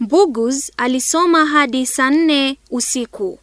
Mbuguz alisoma hadi saa nne usiku.